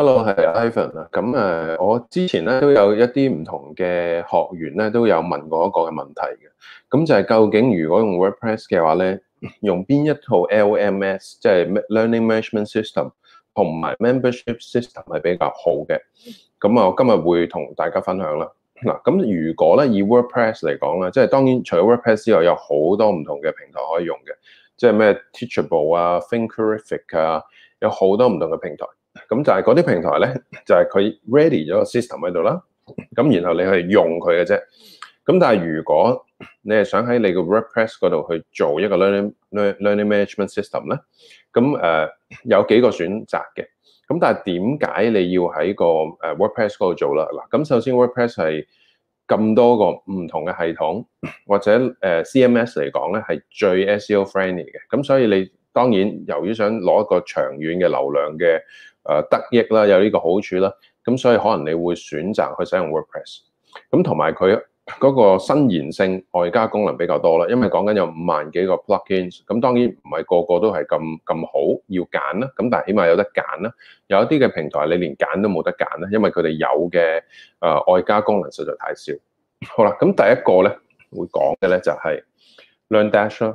hello，係 Ivan 啦。咁誒，我之前咧都有一啲唔同嘅學員咧都有問過一個嘅問題嘅。咁就係究竟如果用 WordPress 嘅話咧，用邊一套 LMS，即係 Learning Management System，同埋 Membership System 係比較好嘅。咁啊，我今日會同大家分享啦。嗱，咁如果咧以 WordPress 嚟講咧，即係當然除咗 WordPress 之外，有好多唔同嘅平台可以用嘅，即係咩 Teachable 啊、Thinkific 啊，有好多唔同嘅平台。咁就係嗰啲平台咧，就係、是、佢 ready 咗個 system 喺度啦。咁然後你係用佢嘅啫。咁但係如果你係想喺你個 WordPress 度去做一個 learning learning management system 咧，咁誒、uh, 有幾個選擇嘅。咁但係點解你要喺個誒 WordPress 度做啦？嗱，咁首先 WordPress 係咁多個唔同嘅系統或者誒、uh, CMS 嚟講咧，係最 SEO friendly 嘅。咁所以你當然由於想攞一個長遠嘅流量嘅。誒得益啦，有呢個好處啦，咁所以可能你會選擇去使用 WordPress，咁同埋佢嗰個伸延性外加功能比較多啦，因為講緊有五萬幾個 plugins，咁當然唔係個個都係咁咁好，要揀啦，咁但係起碼有得揀啦，有一啲嘅平台你連揀都冇得揀啦，因為佢哋有嘅誒外加功能實在太少。好啦，咁第一個咧會講嘅咧就係 LearnDash。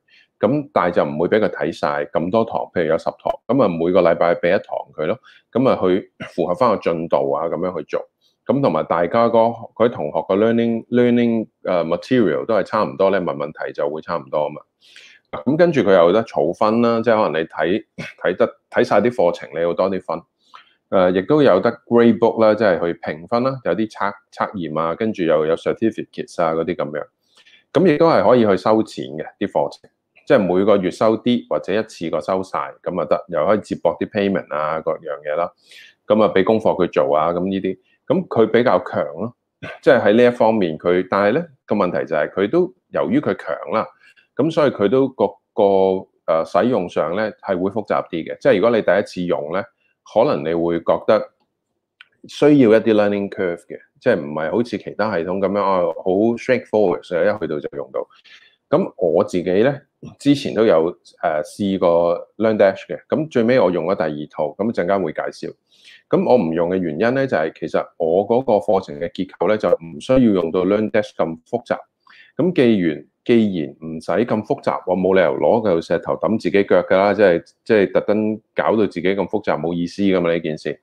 咁但係就唔會俾佢睇晒咁多堂，譬如有十堂，咁啊每個禮拜俾一堂佢咯，咁啊去符合翻個進度啊，咁樣去做，咁同埋大家個佢同學個 learning learning 誒 material 都係差唔多咧，問問題就會差唔多啊嘛。咁跟住佢又得儲分啦、啊，即係可能你睇睇得睇晒啲課程你要多啲分，誒、呃、亦都有得 grade book 啦、啊，即係去評分啦、啊，有啲測測驗啊，跟住又有，有 certificate 啊嗰啲咁樣，咁亦都係可以去收錢嘅啲課程。即係每個月收啲，或者一次過收晒，咁啊得，又可以接駁啲 payment 啊各樣嘢啦。咁啊俾功課佢做啊，咁呢啲咁佢比較強咯。即係喺呢一方面佢，但係咧個問題就係佢都由於佢強啦，咁所以佢都、那個個誒、呃、使用上咧係會複雜啲嘅。即係如果你第一次用咧，可能你會覺得需要一啲 learning curve 嘅，即係唔係好似其他系統咁樣啊好 straightforward，一去到就用到。咁我自己咧。之前都有誒試過 LearnDash 嘅，咁最尾我用咗第二套，咁陣間會介紹。咁我唔用嘅原因咧，就係其實我嗰個課程嘅結構咧，就唔需要用到 LearnDash 咁複雜。咁既然既然唔使咁複雜，我冇理由攞嚿石頭揼自己腳㗎啦，即係即係特登搞到自己咁複雜，冇意思㗎嘛呢件事。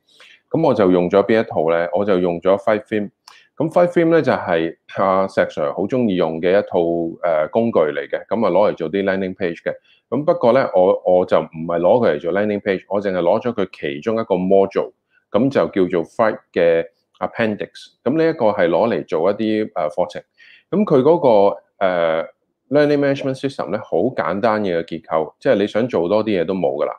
咁我就用咗邊一套咧？我就用咗 Five 咁 Five Theme 咧就係、是、阿、啊、石 Sir 好中意用嘅一套誒、呃、工具嚟嘅，咁啊攞嚟做啲 landing page 嘅。咁、嗯、不過咧，我我就唔係攞佢嚟做 landing page，我淨係攞咗佢其中一個 module，咁、嗯、就叫做 Five 嘅 Appendix、嗯。咁呢一個係攞嚟做一啲誒課程。咁佢嗰個、呃、Learning Management System 咧好簡單嘅結構，即、就、係、是、你想做多啲嘢都冇㗎喇。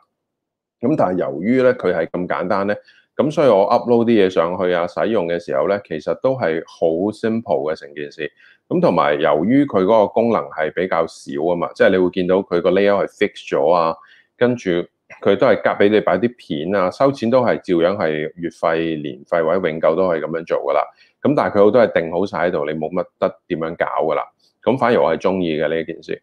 咁、嗯、但係由於咧佢係咁簡單咧。咁所以我 upload 啲嘢上去啊，使用嘅時候咧，其實都係好 simple 嘅成件事。咁同埋由於佢嗰個功能係比較少啊嘛，即係你會見到佢個 layer 係 fix 咗啊，跟住佢都係夾俾你擺啲片啊，收錢都係照樣係月費、年費或者永久都係咁樣做噶啦。咁但係佢好多係定好晒喺度，你冇乜得點樣搞噶啦。咁反而我係中意嘅呢一件事。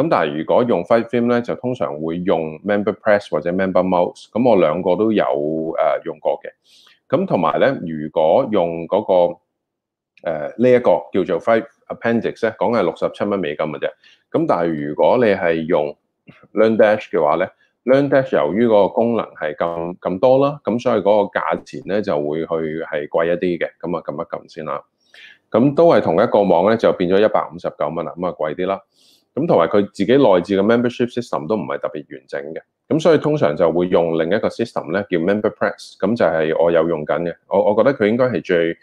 咁但係如果用 Five Theme 咧，就通常會用 Member Press 或者 Member Mouse。咁我兩個都有誒用過嘅。咁同埋咧，如果用嗰、嗰個呢一、呃呢個叫做 Five Appendix 咧，講係六十七蚊美金嘅啫。咁但係如果你係用 LearnDash 嘅話咧，LearnDash 由於嗰個功能係咁咁多啦，咁所以嗰個價錢咧就會去係貴一啲嘅。咁啊，撳一撳先啦。咁都係同一個網咧，就變咗一百五十九蚊啊。咁啊，貴啲啦。咁同埋佢自己內置嘅 membership system 都唔係特別完整嘅，咁所以通常就會用另一個 system 咧叫 MemberPress，咁就係我有用緊嘅，我我覺得佢應該係最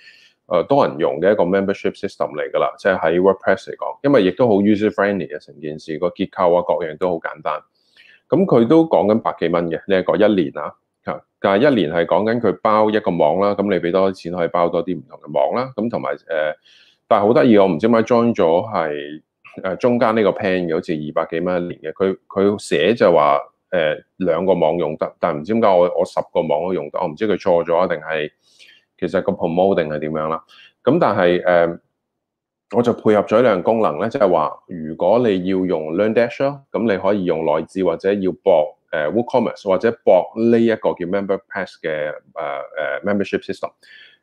誒多人用嘅一個 membership system 嚟㗎喇，即係喺 WordPress 嚟講，因為亦都好 user friendly 嘅成件事，個結構啊各樣都好簡單。咁佢都講緊百幾蚊嘅，你係講一年啊嚇，但係一年係講緊佢包一個網啦，咁你俾多啲錢可以包多啲唔同嘅網啦，咁同埋誒，但係好得意，我唔知點解 join 咗係。誒中間呢個 plan 好似二百幾蚊一年嘅，佢佢寫就話誒、呃、兩個網用得，但係唔知點解我我十個網都用得，我唔知佢錯咗定係其實個 promo 定係點樣啦。咁但係誒、呃，我就配合咗一樣功能咧，就係、是、話如果你要用 LearnDash 咯，咁你可以用內置，或者要博誒、呃、WooCommerce 或者博呢一個叫 MemberPress 嘅誒、呃、誒、呃、membership system。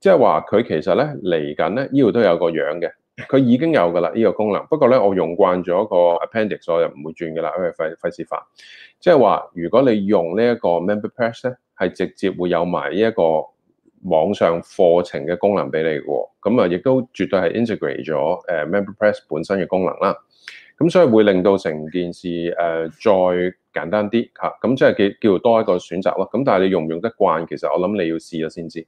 即係話佢其實咧嚟緊咧呢度都有個樣嘅，佢已經有噶啦呢個功能。不過咧我用慣咗個 Appendix，我又唔會轉噶啦，因為費費事煩。即係話如果你用 press 呢一個 MemberPress 咧，係直接會有埋呢一個網上課程嘅功能俾你噶。咁、嗯、啊，亦都絕對係 integrate 咗誒 MemberPress 本身嘅功能啦。咁、嗯、所以會令到成件事誒、呃、再簡單啲吓。咁即係叫叫多一個選擇咯。咁、嗯、但係你用唔用得慣，其實我諗你要試咗先知。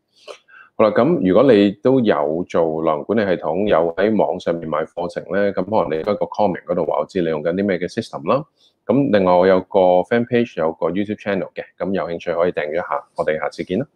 好啦，咁如果你都有做內容管理系統，有喺網上面買課程咧，咁可能你喺個 comment 嗰度話，我知你用緊啲咩嘅 system 啦。咁另外我有個 fan page，有個 YouTube channel 嘅，咁有興趣可以訂閱下。我哋下次見啦。